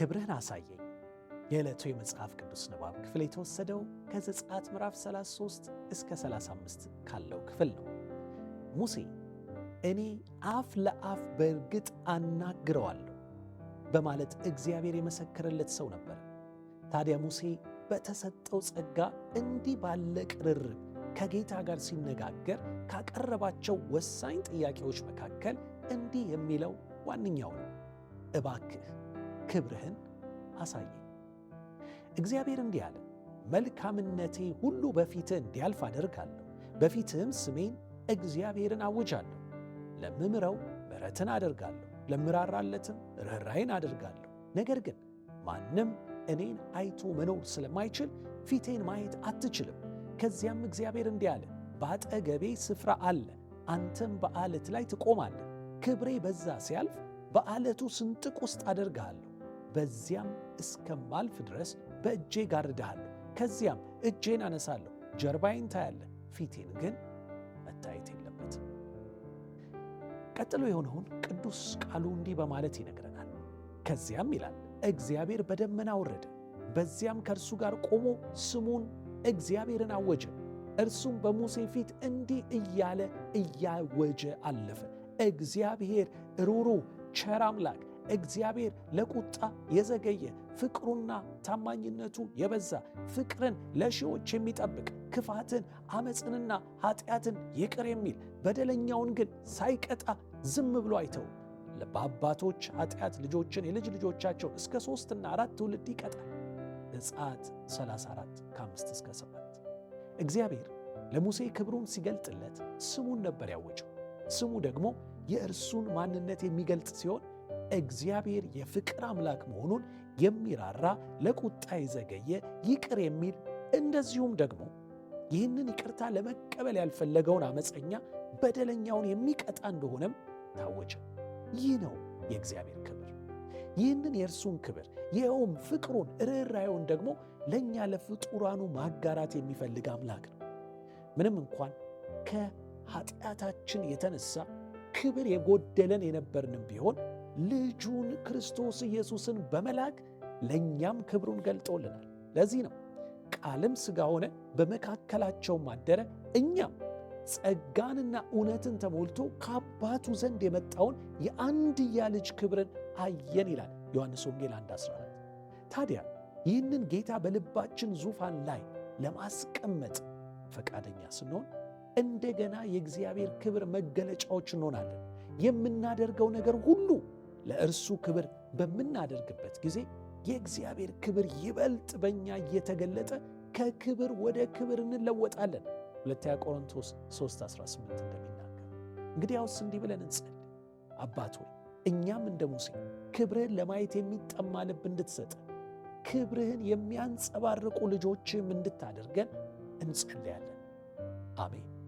ክብርህን አሳየኝ። የዕለቱ የመጽሐፍ ቅዱስ ንባብ ክፍል የተወሰደው ከዘጸአት ምዕራፍ 33 እስከ 35 ካለው ክፍል ነው። ሙሴ እኔ አፍ ለአፍ በእርግጥ አናግረዋለሁ በማለት እግዚአብሔር የመሰከረለት ሰው ነበር። ታዲያ ሙሴ በተሰጠው ጸጋ እንዲህ ባለ ቅርርብ ከጌታ ጋር ሲነጋገር ካቀረባቸው ወሳኝ ጥያቄዎች መካከል እንዲህ የሚለው ዋነኛው ነው፣ እባክህ ክብርህን አሳየ እግዚአብሔር እንዲህ አለ፣ መልካምነቴ ሁሉ በፊትህ እንዲያልፍ አደርጋለሁ፣ በፊትህም ስሜን እግዚአብሔርን አውጃለሁ። ለምምረው ምሕረትን አደርጋለሁ፣ ለምራራለትም ርኅራይን አደርጋለሁ። ነገር ግን ማንም እኔን አይቶ መኖር ስለማይችል ፊቴን ማየት አትችልም። ከዚያም እግዚአብሔር እንዲህ አለ፣ በአጠገቤ ስፍራ አለ፣ አንተም በዓለት ላይ ትቆማለህ። ክብሬ በዛ ሲያልፍ በዓለቱ ስንጥቅ ውስጥ አደርግሃለሁ በዚያም እስከማልፍ ድረስ በእጄ ጋርድሃለሁ። ከዚያም እጄን አነሳለሁ። ጀርባዬን ታያለህ፣ ፊቴን ግን መታየት የለበትም። ቀጥሎ የሆነውን ቅዱስ ቃሉ እንዲህ በማለት ይነግረናል። ከዚያም ይላል እግዚአብሔር በደመና ወረደ፣ በዚያም ከእርሱ ጋር ቆሞ ስሙን እግዚአብሔርን አወጀ። እርሱም በሙሴ ፊት እንዲህ እያለ እያወጀ አለፈ። እግዚአብሔር ሩሩ ቸር አምላክ እግዚአብሔር ለቁጣ የዘገየ ፍቅሩና ታማኝነቱ የበዛ ፍቅርን ለሺዎች የሚጠብቅ ክፋትን አመፅንና ኃጢአትን ይቅር የሚል በደለኛውን ግን ሳይቀጣ ዝም ብሎ አይተው በአባቶች ኃጢአት ልጆችን የልጅ ልጆቻቸውን እስከ ሦስትና አራት ትውልድ ይቀጣል። ዘጸአት 34 ከ5 እስከ 7። እግዚአብሔር ለሙሴ ክብሩን ሲገልጥለት ስሙን ነበር ያወጀው። ስሙ ደግሞ የእርሱን ማንነት የሚገልጽ ሲሆን እግዚአብሔር የፍቅር አምላክ መሆኑን የሚራራ ለቁጣ የዘገየ ይቅር የሚል እንደዚሁም ደግሞ ይህንን ይቅርታ ለመቀበል ያልፈለገውን አመፀኛ በደለኛውን የሚቀጣ እንደሆነም ታወጀ። ይህ ነው የእግዚአብሔር ክብር። ይህንን የእርሱን ክብር ይኸውም ፍቅሩን ርኅራኄውን ደግሞ ለእኛ ለፍጡራኑ ማጋራት የሚፈልግ አምላክ ነው። ምንም እንኳን ከኃጢአታችን የተነሳ ክብር የጎደለን የነበርንም ቢሆን ልጁን ክርስቶስ ኢየሱስን በመላክ ለእኛም ክብሩን ገልጦልናል። ለዚህ ነው ቃልም ሥጋ ሆነ በመካከላቸውም አደረ፣ እኛም ጸጋንና እውነትን ተሞልቶ ከአባቱ ዘንድ የመጣውን የአንድያ ልጅ ክብርን አየን ይላል ዮሐንስ ወንጌል 1 14 ታዲያ ይህንን ጌታ በልባችን ዙፋን ላይ ለማስቀመጥ ፈቃደኛ ስንሆን እንደገና የእግዚአብሔር ክብር መገለጫዎች እንሆናለን። የምናደርገው ነገር ሁሉ ለእርሱ ክብር በምናደርግበት ጊዜ የእግዚአብሔር ክብር ይበልጥ በእኛ እየተገለጠ ከክብር ወደ ክብር እንለወጣለን። ሁለተኛ ቆሮንቶስ 3:18 እንደሚናገር እንግዲያውስ እንዲህ ብለን እንጸልይ። አባት ሆይ እኛም እንደ ሙሴ ክብርህን ለማየት የሚጠማ ልብ እንድትሰጥ ክብርህን የሚያንጸባርቁ ልጆችም እንድታደርገን እንጸልያለን። አሜን።